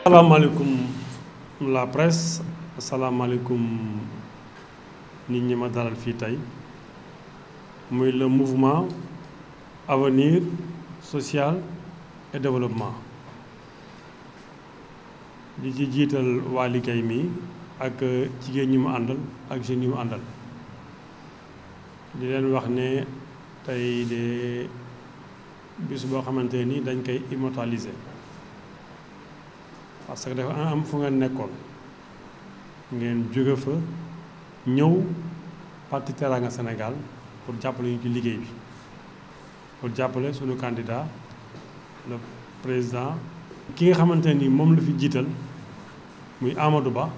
asalaamaaleykum la presse asalaamaaleykum nit ñi ma dalal fii tey muy le mouvement avenir social et développement di ci jiital waa liggéey mi ak jigéen ñi mu àndal ak jeunes ñi mu àndal di leen wax ne tey de bis boo xamante nii dañ koy immortaliser parce que dafa am fu ngeen nekkoon ngeen jóge fa ñëw parti Teranga Sénégal pour jàppale ñu ci liggéey bi pour jàppale suñu candidat le président ki nga xamante ni moom la fi jiital muy Amadou Ba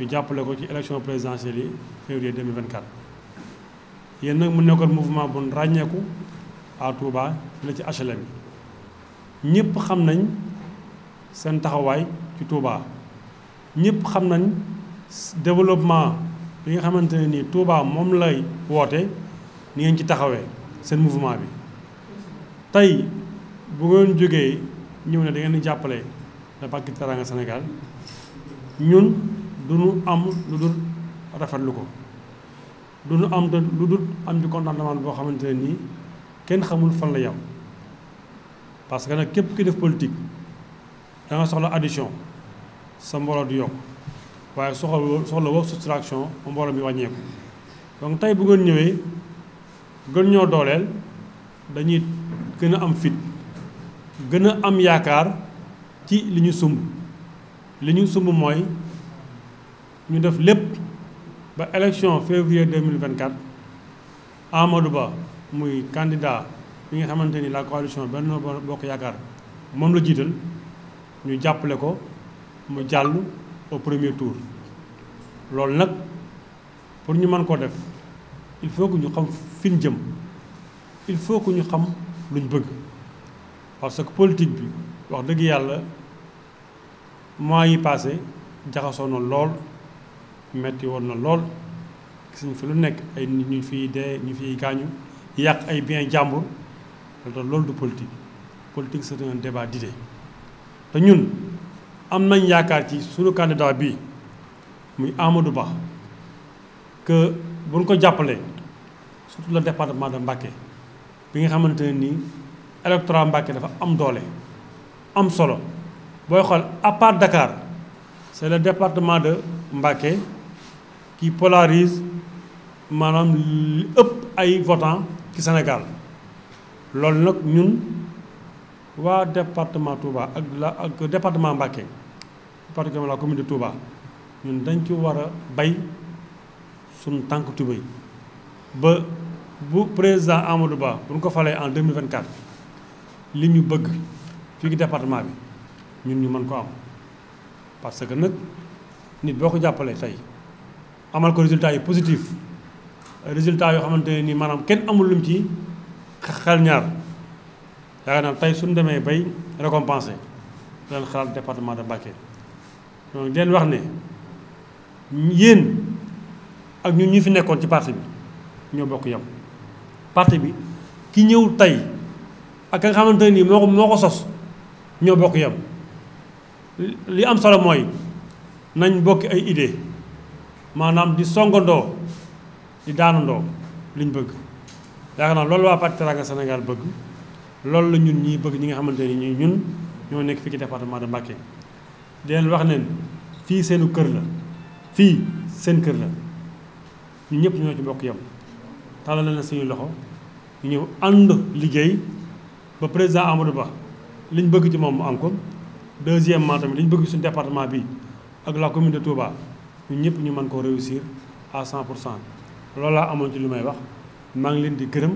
ñu jàppale ko ci élection présidentielle yi février 2024 yéen nag mu nekkoon mouvement bu ràññeeku à Touba fi la ci HLM yi ñëpp xam nañ seen taxawaay ci Touba ñëpp xam nañ développement bi nga xamante ne nii Touba moom lay woote ni ngeen ci taxawee seen mouvement bi tey bu ngeen jógee ñëw ne dangeen di jàppale la Pàcc Teranga Sénégal ñun du ñu am lu dul rafetlu ko du ñu am lu dul am ci contentement boo xamante ne nii kenn xamul fan la yam parce que nag képp ki def politique da nga soxla addition sa mbooloo du yokk waaye soxla soxla woo soustraction mbooloo mi wàññeeku donc tey bu ngeen ñëwee gën ñoo dooleel dañuy gën a am fit gën a am yaakaar ci li ñu sumb li ñu sumb mooy ñu def lépp ba élection février 2024 Amadou Ba muy candidat bi nga xamante ni la coalition Benno Bokk Yaakaar moom la jiital ñu jàppale ko mu jàll au premier tour loolu nag pour ñu mën koo def il faut que ñu xam fi jëm il faut que ñu xam luñ bëgg parce que politique bi wax dëgg yàlla mois yi passé jaxasoo na lool metti woon na lool gis nañ fi lu nekk ay nit ñu fiy dee ñu fiy gaañu yàq ay bien jàmbur loolu du politique politique c'est un débat d'idées te ñun am nañ yaakaar ci suñu candidat bi muy Amadou Ba que buñ ko jàppale surtout le département de Mbacké bi nga xamante ne nii électorat Mbacké dafa am doole am solo booy xool à part Dakar c'est le département de Mbacké qui polarise maanaam li ëpp ay votant ci Sénégal loolu nag ñun. waa département Touba ak la ak département Mbacké département la commune de Touba ñun dañ ci war a bay suñu tànk tubéy ba bu président Amadou Ba bu ñu ko falee en 2024 li ñu bëgg fii département bi ñun ñu mën ko am parce que nag nit boo ko jàppalee tey amal ko résultat yi positif résultat yoo xamante ne nii maanaam kenn amul lu ci xel ñaar yaakaar naa tey suñu demee bay récompensé leen xalaat département de Mbacké donc leen wax ne yéen ak ñun ñu fi nekkoon ci parti bi ñoo bokk yam parti bi ki ñëw tey ak ka nga xamante nii moo ko moo ko sos ñoo bokk yam li am solo mooy nañ bokki ay idée maanaam di songandoo di daanandoo liñ bëgg yaakaar naa loolu waa parti Teranga Sénégal bëgg loolu la ñun ñii bëgg ñi nga xamante ñu ñun ñoo nekk fii ci département de di leen wax neen fii seenu kër la fii seen kër la ñu ñëpp ñoo ci bokk yam tàllal na suñu loxo ñu ñëw ànd liggéey ba président Amadou Ba liñ bëgg ci moom mu am ko deuxièmement liñ bëgg suñu département bi ak la commune de Touba ñëpp ñu mën koo réussir à 100 pour cent loolu laa amoon ci lu may wax maa ngi leen di gërëm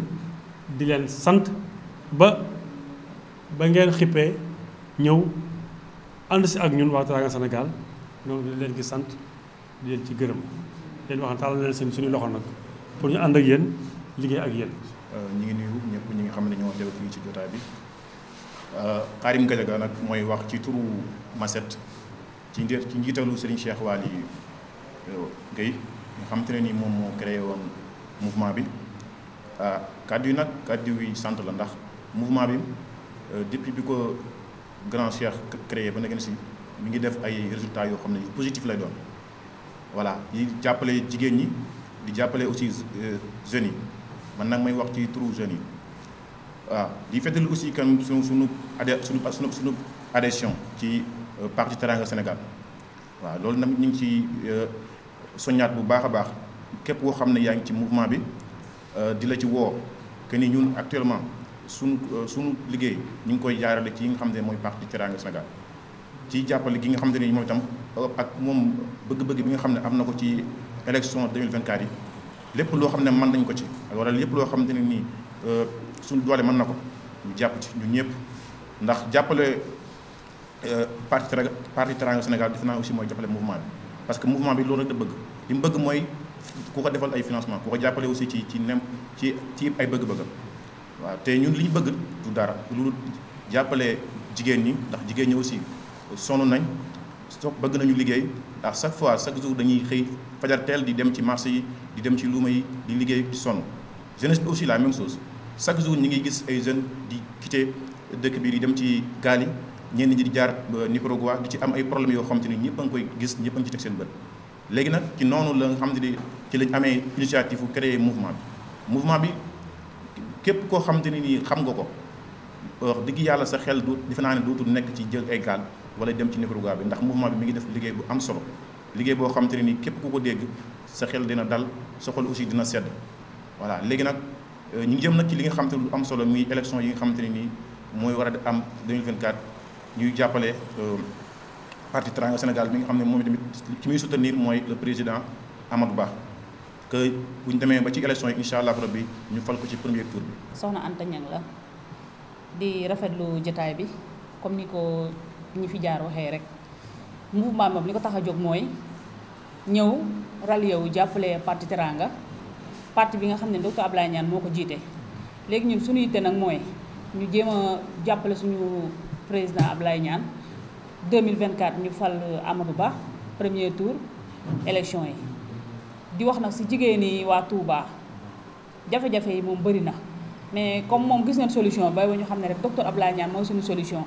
di leen sant ba ba ngeen xippee ñëw ànd si ak ñun waa Teraanga Sénégal ñoo ngi leen gi sant di leen ci gërëm leen wax tàllal leen seen suñu loxo nag pour ñu ànd ak yéen liggéey ak yéen. Euh, ñu ngi nuyu ñëpp ñi nga xam ne ñoo teew fii ci jotaay bi euh, Karim Gadiaga nag mooy wax ci turu Massette ci njiit ci njiitalu Serigne Cheikh Waly euh, Guèye nga xam te ne nii moom moo créé woon mouvement bi ah kàddu yi nag kàddu yi sant la ndax. mouvement bi euh, depuis bi ko grand cheikh créé ba nekk si mi ngi def ay résultats yoo xam ne yu positif lay doon voilà yi jàppale jigéen ñi di jàppale aussi euh, jeunes yi man nag may wax ci turu jeunes yi waaw di fëttali aussi kan suñu suñu adhé suñu suñu adhésion ci euh, parti Teranga Sénégal waaw loolu nag ñu ngi ci soñaat bu baax a baax képp koo xam ne yaa ngi ci mouvement bi di la ci woo que ni ñun actuellement. sunu euh, sunu liggéey ñu ngi koy jaarale ci yi nga xam ne mooy parti Teranga Sénégal ci jàppale gi nga xam ne moom itam euh, ak moom bëgg-bëgg bi nga xam ne am na ko ci élection 2024 yi lépp loo xam ne mën nañ ko ci wala lépp loo xam ne nii euh, suñu doole mën na ko jàpp ci ñun ñëpp ndax jàppale parti Teranga parti Teranga Sénégal defe naa aussi mooy jàppale mouvement bi parce que mouvement bi loolu rek da bëgg li mu bëgg mooy ku ko defal ay financement ku ko jàppale aussi ci ci nem ci ci ay bëgg-bëggam waaw te ñun li ñu bëgg du dara lu jàppale jigéen ñi ndax jigéen ñi aussi sonn nañ soog bëgg nañu liggéey ndax chaque fois chaque jour dañuy xëy fajar teel di dem ci marché yi di dem ci luuma yi di liggéey di sonn jeunesse aussi la même chose chaque jour ñi ngi gis ay jeunes di quitter dëkk bi di dem ci gaal ñeen ñenn di jaar Nicaragua di ci am ay problèmes yoo xam te ni ñëpp a ngi koy gis ñëpp a ngi ci teg seen bët. léegi nag ci noonu la nga xam ne ci lañ amee initiative bu mouvement bi mouvement bi. képp koo xamante ni nii xam nga ko wax dëgg yàlla sa xel du defe naa ne dootul nekk ci jël ay gaal wala dem ci Nicaragua bi ndax mouvement bi mi ngi def liggéey bu am solo liggéey boo xamante ne nii képp ku ko dégg sa xel dina dal sa xol aussi dina sedd voilà léegi nag euh, ñu ngi jëm nag ci li nga xamante ne lu am solo muy élection yi nga xamante ne nii mooy war a am 2024 ñuy jàppale euh, parti Teranga Sénégal bi nga xam ne moom tamit ci muy soutenir mooy le président Amadou Ba que bu ñu demee ba ci élection yi incha allah rabbi ñu fal ko ci premier tour bi. soxna Anta Niang la di rafetlu jataay bi comme ni ko ñi fi jaar waxee rek mouvement moom li ko tax a jóg mooy ñëw rallié wu jàppale parti Teranga parti bi nga xam ne docteur Ablaye ñaan moo ko jiite. léegi ñun suñu yittee nag mooy ñu jéem a jàppale suñu président Ablaye Niane 2024 ñu fal Amadou Ba premier tour élection yi. di wax nag si jigéen yi waa Touba jafe-jafe yi moom bari na mais comme moom gis nañ solution bay ba ñu xam ne rek docteur Abdoulaye Niane mooy suñu solution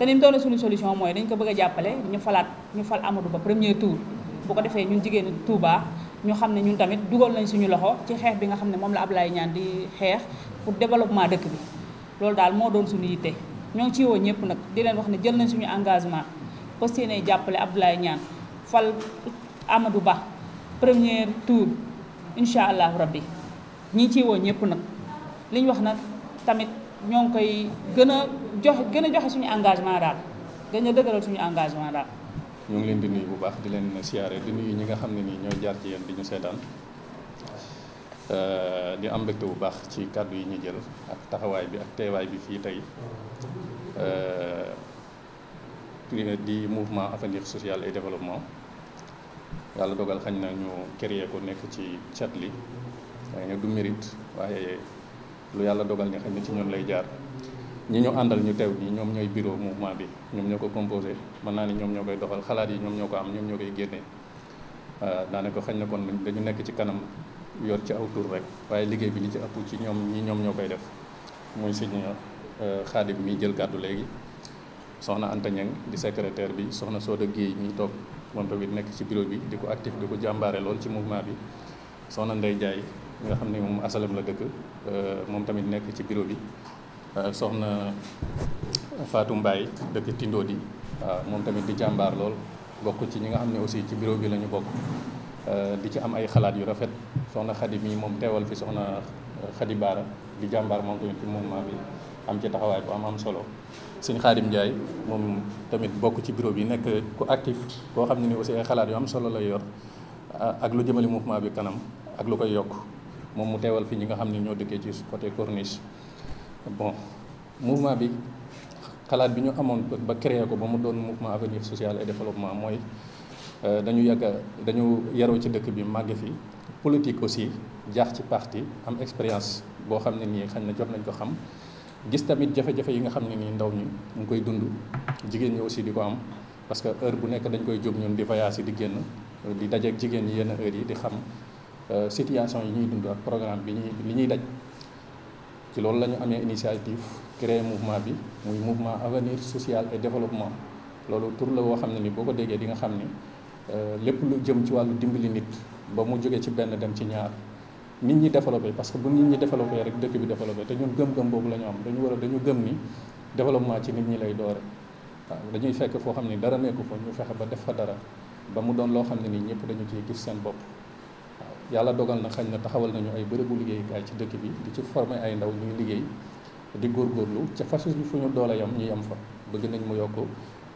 te ni mu doon suñu solution mooy dañ ko bëgg a jàppale ñu falaat ñu fal Amadou Ba premier tour bu ko defee ñun jigéenu Touba ñu xam ne ñun tamit dugal nañ suñu loxo ci xeex bi nga xam ne moom la Abdoulaye Niane di xeex pour développement dëkk bi loolu daal moo doon suñu yitte ñoo ngi ci woo ñëpp nag di leen wax ne jël nañ suñu engagement fas yéene jàppale Abdoulaye Niane fal Amadou Ba premier tour incha allah rabbi ñi ci woo ñëpp nag li ñu wax nag tamit ñoo ngi koy gën a joxe gën a joxe suñu engagement daal gën a dëgëral suñu engagement daal. ñoo ngi leen di nuyu bu baax di leen siyaare di nuyu ñi nga xam ne nii ñoo jaar ci yéen di ñu seetaan euh, di am mbégte bu baax ci kàddu yi ñu jël ak taxawaay bi ak teewaay bi fii tey euh, di mouvement avenir social et développement. yàlla dogal xañ na ñu créé ko nekk ci cat li waaye nag du mérite waaye lu yàlla dogal ni xañ na ci ñoom lay jaar ñi ñu àndal ñu teew ñi ñoom ñooy bureau mouvement bi ñoom ñoo ko composé mën naa ni ñoom ñoo koy doxal xalaat yi ñoom ñoo ko am ñoom ñoo koy génnee ah, daanaka xañ na kon dañu nekk ci kanam yor ci aw tur rek waaye liggéey bi li ci ëpp ci ñoom ñi ñoom ñoo koy def mooy muy sëñ ah, xaadim mi jël kàddu léegi soxna Anta di secrétaire bi soxna soo Soda Guèye mi toog moom tamit nekk ci biro bi di ko actif di ko jàmbaare lool ci mouvement bi soxna Ndey Jaay nga xam ne moom asalam la dëkk euh, moom tamit nekk ci bureau bi euh, soxna Fatou Mbaye dëkk Tindo di waaw moom tamit di jàmbaar lool bokk ci ñi nga xam ne aussi ci bureau bi lañu ñu bokk euh, di ci am ay xalaat yu rafet soxna Xadi mi moom teewal fi soxna Xadi Baara di jàmbaar moom tamit ci mouvement bi am ci taxawaay bu am am solo suñ Xaadim Ndiaye moom tamit bokk ci bureau bi nekk ku actif koo xam ne ni aussi ay xalaat yu am solo lay yor ah, ak lu jëmale mouvement bi kanam ak lu koy yokk moom mu teewal fi ñi nga xam ne ñoo dëkkee ci côté corniche bon mouvement bi xalaat bi ñu amoon ba créé ko ba mu doon mouvement avenir social et développement mooy euh, dañu yàgg dañu yaroo ci dëkk bi màgg fi politique aussi jaax ci parti am expérience boo xam ne nii xañ na jot nañ ko xam gis tamit jafe-jafe yi nga xam ne nii ndaw ñi ñu ngi koy dund jigéen ñi aussi di ko am parce que heure bu nekk dañ koy jóg ñun di voyage di génn di dajeek jigéen ñi yenn heure yi di xam euh, situation yi ñuy dund ak programme bi ñuy li ñuy daj ci loolu la ñu amee initiative créer mouvement bi muy mouvement avenir social et développement loolu tour la woo xam ne ni boo ko déggee di nga xam ni euh, lépp lu jëm ci wàllu dimbali nit ba mu jógee ci benn dem ci ñaar nit ñi développé parce que bu nit ñi développé rek dëkk bi développé te ñun gëm-gëm boobu la am dañu war a dañu gëm ni développement ci nit ñi lay doore waaw dañuy fekk foo xam ne dara nekku fa ñu fexe ba def fa dara ba mu doon loo xam ne nii ñëpp dañu ciy gis seen bopp waaw yàlla dogal na xañ na taxawal nañu ay bërëbu liggéeyukaay ci dëkk bi di ci former ay ndaw ñuy liggéey di góorgóorlu ca façon bi fu ñu doole yam ñu yam fa bëgg nañ mu yokk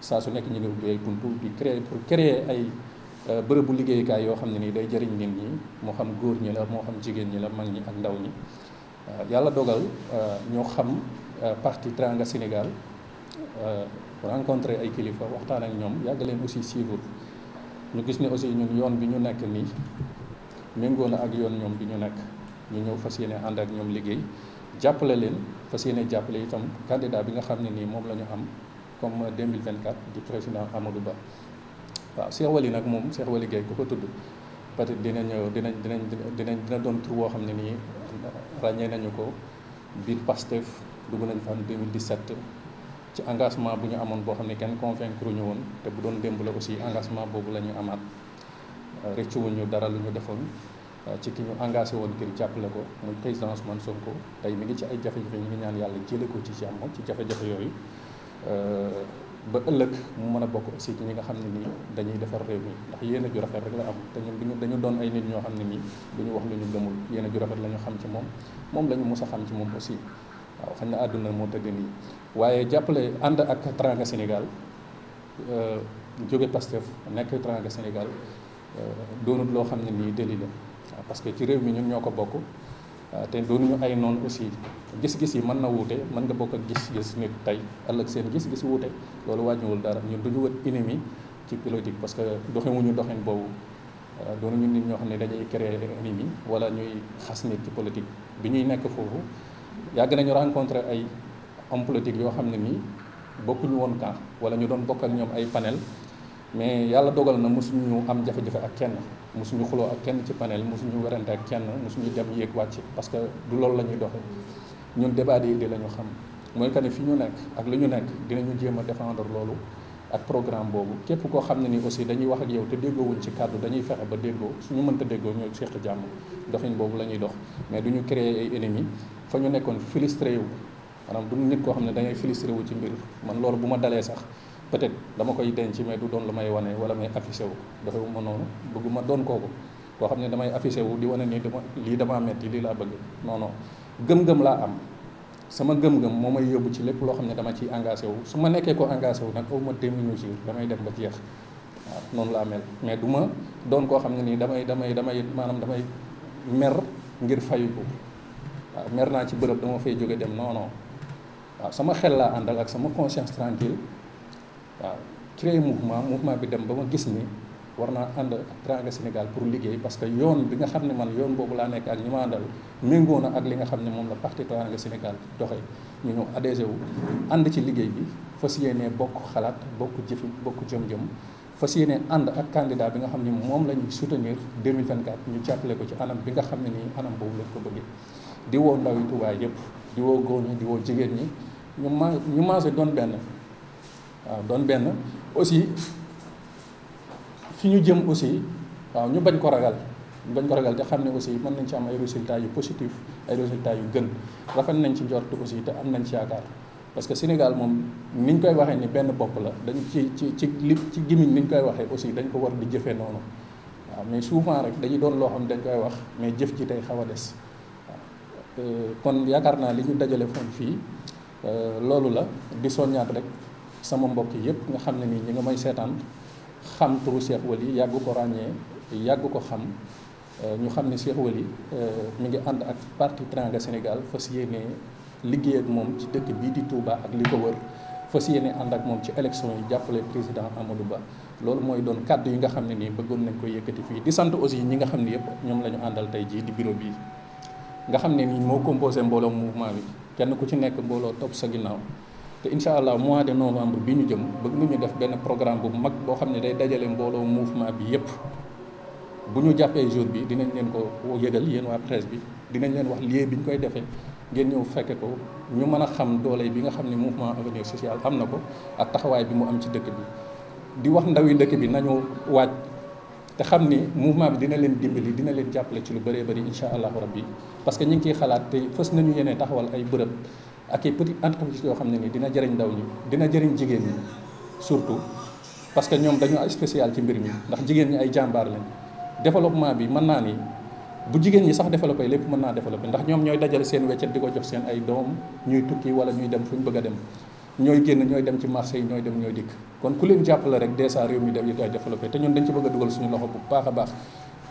saa su nekk ñu ngi ubbi ay buntu di créer ay Euh, bërëbu liggéeyukaay yoo xam ne nii day jëriñ nit ñi moo xam góor ñi la moo xam jigéen ñi la mag ñi ak ndaw ñi euh, yàlla dogal euh, ñoo xam parti Teranga Sénégal rencontré ay kilifa waxtaan ak ñoom yàgg leen aussi suivre ñu gis ne aussi ñun yoon bi ñu nekk nii méngoo na ak yoon ñoom bi ñu nekk ñu ñëw fas yéene ànd ak ñoom liggéey jàppale leen fas yéene jàppale itam candidat bi nga xam ne nii moom la ñu am comme mille 2024 di président Amadou Ba. waaw Cheikh Wali nag moom Cheikh Wali Guèye ku ko tudd peut-être dina ñëw dinañ dinañ dinañ dina doon tur woo xam ne nii ràññee nañu ko biir Pastef dugg nañ fa am 2017 ci engagement bu ñu amoon boo xam ne kenn convaincre ñu woon te bu doon démb la aussi engagement boobu la ñu amaat rëccu ñu dara lu ñu defoon ci ki ñu engagé woon ngir jàppale ko muy président soo ko tey mi ngi ci ay jafe-jafe ñu ngi ñaan yàlla jële ko ci jàmm ci jafe-jafe yooyu euh, ba ëllëg mu mën a bokk aussi ci ñi nga xam ne nii dañuy defar réew mi ndax yéen a rafet rek la am te ñun duñu dañu doon ay nit ñoo xam ne nii duñu wax lu ñu gëmul yéen a ju rafet la xam ci moom moom la mus a xam ci moom aussi waaw xañ na àdduna moo tëdd nii waaye jàppale ànd ak Teranga Sénégal euh, jóge Pastef nekk Teranga Sénégal euh, doonut loo xam ne nii déli la parce que ci réew mi ñun ñoo ko bokk Euh, te ñu ay noonu aussi gis-gis yi mën na wuute mën nga bokk ak gis-gis nit tey ëllëg seen gis-gis wuute loolu wàññiwul dara ñun duñu wër ennemi ci politique parce que doxewuñu doxin boobu euh, doonuñu nit ñoo xam ne dañuy créer ennemi wala ñuy xas nit ci politique bi ñuy nekk foofu yàgg nañu rencontré ay homme politique yoo xam ne nii bokkuñu woon camp wala ñu doon bokk ak ñoom ay panel mais yàlla dogal na mosuñu am jafe-jafe ak kenn mosuñu xuloo ak kenn ci panel mosuñu werante ak kenn mosuñu dem yéeg wàcc parce que du loolu lañuy ñuy doxe ñun débat de idée la ñu xam mooy que ne fi ñu nekk ak lu ñu nekk dinañu jéem a défendre loolu ak programme boobu képp koo xam ne ni aussi dañuy wax yow te déggoowuñ ci kàddu dañuy fexe ba déggoo suñu mënta déggoo ñoo seq jàmm doxin boobu lañuy dox mais du ñu créer ay fa ñu nekkoon filistré wu maanaam du nit koo xam ne dangay filistré wu ci mbir man loolu bu ma dalee sax peut dama koy denc mais du doon lu may wane wala may affiché wu dafewu ma noonu bëgguma doon kooku koo xam ne damay affiché wu di wane nii dama lii damaa metti lii laa bëgg non non gëm-gëm laa am sama gëm-gëm moo may yóbbu ci lépp loo xam ne dama ciy engagé wu su ma nekkee ko wu nag au moins deux damay dem ba jeex waaw noonu laa mel mais du ma doon koo xam ne nii damay damay damay maanaam damay mer ngir fayu ko waaw mer naa ci bërëb dama fay jóge dem non non waaw sama xel laa àndal ak sama conscience tranquille waaw créer mouvement mouvement bi dem ba ma gis ni war naa ànd ak Teranga Sénégal pour liggéey parce que yoon bi nga xam ne man yoon boobu laa nekk ak ñi ma àndal méngoo na ak li nga xam ne moom la parti Teranga Sénégal doxee ñu ñëw adhéré wu ànd ci liggéey bi fas yéenee bokk xalaat bokk jëfi bokk jëm-jëm fas yéenee ànd ak candidat bi nga xam ne moom la ñuy soutenir 2024 ñu jàppale ko ci anam bi nga xam ne nii anam boobu lañ ko bëggee di woo ndaw yi Tuubaa yëpp di woo góor ñi di woo jigéen ñi ñu ma ñu maase doon benn waaw doon benn aussi fi ñu jëm aussi waaw ñu bañ ko ragal ñu bañ ko ragal te xam ne aussi mën nañ ci am ay résultats yu positif ay résultats yu gën rafet nañ ci njort aussi te am nañ ci yaakaar parce que Sénégal moom ni ñu koy waxee ni benn bopp la dañ ci ci ci li ci gimiñ niñ koy waxee aussi dañ ko war di jëfee noonu waaw mais souvent rek dañuy doon loxoon xam dañ koy wax mais jëf ji tey xaw a des euh, kon yaakaar naa li ñu dajale foon fii euh, loolu la di soññaat rek sama mbokk yëpp nga xam ne nii ñi nga may seetaan xam turu Cheikh Waly yàgg ko ràññee yàgg ko xam euh, ñu xam ne Cheikh Waly euh, mu ngi ànd ak parti Teranga Sénégal fas yéene liggéey ak moom ci dëkk bii di Touba ak li ko wër fas yéene ànd ak moom ci élection yi jàppale président Amadou Ba loolu mooy doon kàddu yi nga xam ne nii bëggoon nañ ko yëkkati fii di sant aussi ñi nga xam ne yëpp ñoom la ñu àndal tey jii di bureau bii nga xam ne nii moo composé mbooloo mouvement bi kenn ku ci nekk mbooloo topp sa ginnaaw te incha allah mois de novembre bi ñu jëm bëgg nañu def benn programme bu mag boo xam ne day dajale mbooloo mouvement bi yépp bu ñu jàppee jour bi dinañ leen ko yëgal yéen waa presse bi dinañ leen wax lieu bi ñu koy defee ngeen ñëw fekke ko ñu mën a xam doole bi nga xam ne mouvement avenir social am na ko ak taxawaay bi mu am ci dëkk bi di wax ndawi dëkk bi nañu waaj te xam ni mouvement bi dina leen dimbali dina leen jàppale ci lu bëree bëri incha allahu rabbi parce que ñu ngi ciy xalaat te fës nañu yéene taxawal ay bërëb ak i petite entreprise yoo xam ne nii dina jëriñ ndaw ñi dina jariñ jigéen ñi surtout parce que ñoom dañoo spécial ci mbir mi ndax jigéen ñi ay jàmbaar lañ développement bi mën naa ni bu jigéen ñi sax développé lépp mën naa développé ndax ñoom ñooy dajale seen weccet di ko jox seen ay doom ñuy tukki wala ñuy dem fu ñu bëgg dem ñooy génn ñooy dem ci marché yi ñooy dem ñooy dikk kon ku leen jàppale rek dèjà réew mi def yi day développé te ñun dañ ci bëgg a dugal suñu bu baax a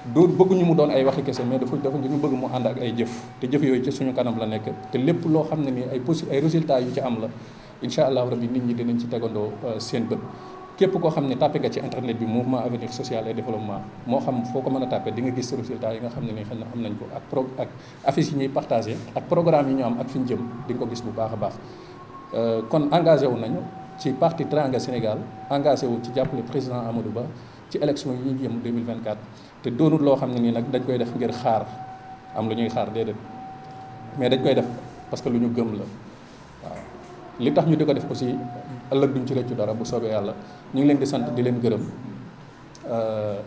doo bëgguñu mu doon ay waxi kese mais dafa dafa ñu bëgg mu ànd ak ay jëf te jëf yooyu ci suñu kanam la nekk te lépp loo xam ne nii ay possi ay résultat yu ci am la incha allahu rabbi nit ñi dinañ ci tegandoo euh, seen bët képp koo xam ne tàppe nga ci internet bi mouvement avenir social et développement moo xam foo ko mën a tàppe di nga gis résultats yi nga xam ne nii xëy na am nañ ko ak pro ak affiche yi ñuy partagé ak programme yi ñu am ak fi ñu jëm di nga ko gis bu baax a euh, kon engagé wu nañu ci parti Teranga Sénégal engagé wu ci jàppale président Amadou Ba ci élection yi ñu jëm 2024 te doonul loo xam ne nii nag dañ koy def ngir xaar am lu ñuy xaar déedéet mais dañ koy def parce que lu ñu gëm la waaw li tax ñu di ko def aussi ëllëg duñ ci rëccu dara bu soobee yàlla ñu ngi leen di sant di leen gërëm euh,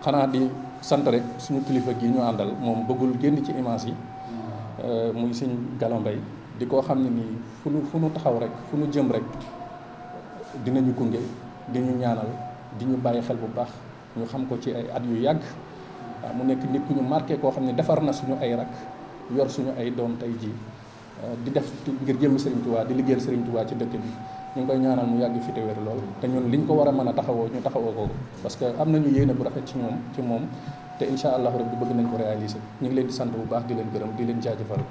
xanaa di sant rek suñu kilifa gi ñu àndal moom bëggul génn ci image yi euh, muy sëñ Gallo Mbaye di koo xam ne nii fu nu fu nu taxaw rek fu nu jëm rek dinañu gunge di ñu ñaanal di ñu bàyyi xel bu baax ñu xam ko ci ay at yu yàgg waaw ah, mu nekk nit ku ñu marqué koo xam ne defar na suñu ay rak yor suñu ay doom tey jii ah, di def ngir jëmmi Serigne tuwaa di liggéeyal Serigne tuwaa ci dëkk bi ñu ngi koy ñaanal mu yàgg fi te wér lool te ñun liñ ko war mën a taxawoo ñu taxawoo ko parce que am ñu yéene bu rafet ci ñoom ci moom te incha allahu rabbi bëgg nañ ko réaliser ñu ngi leen di sant bu baax di leen gërëm di leen jaajëfal.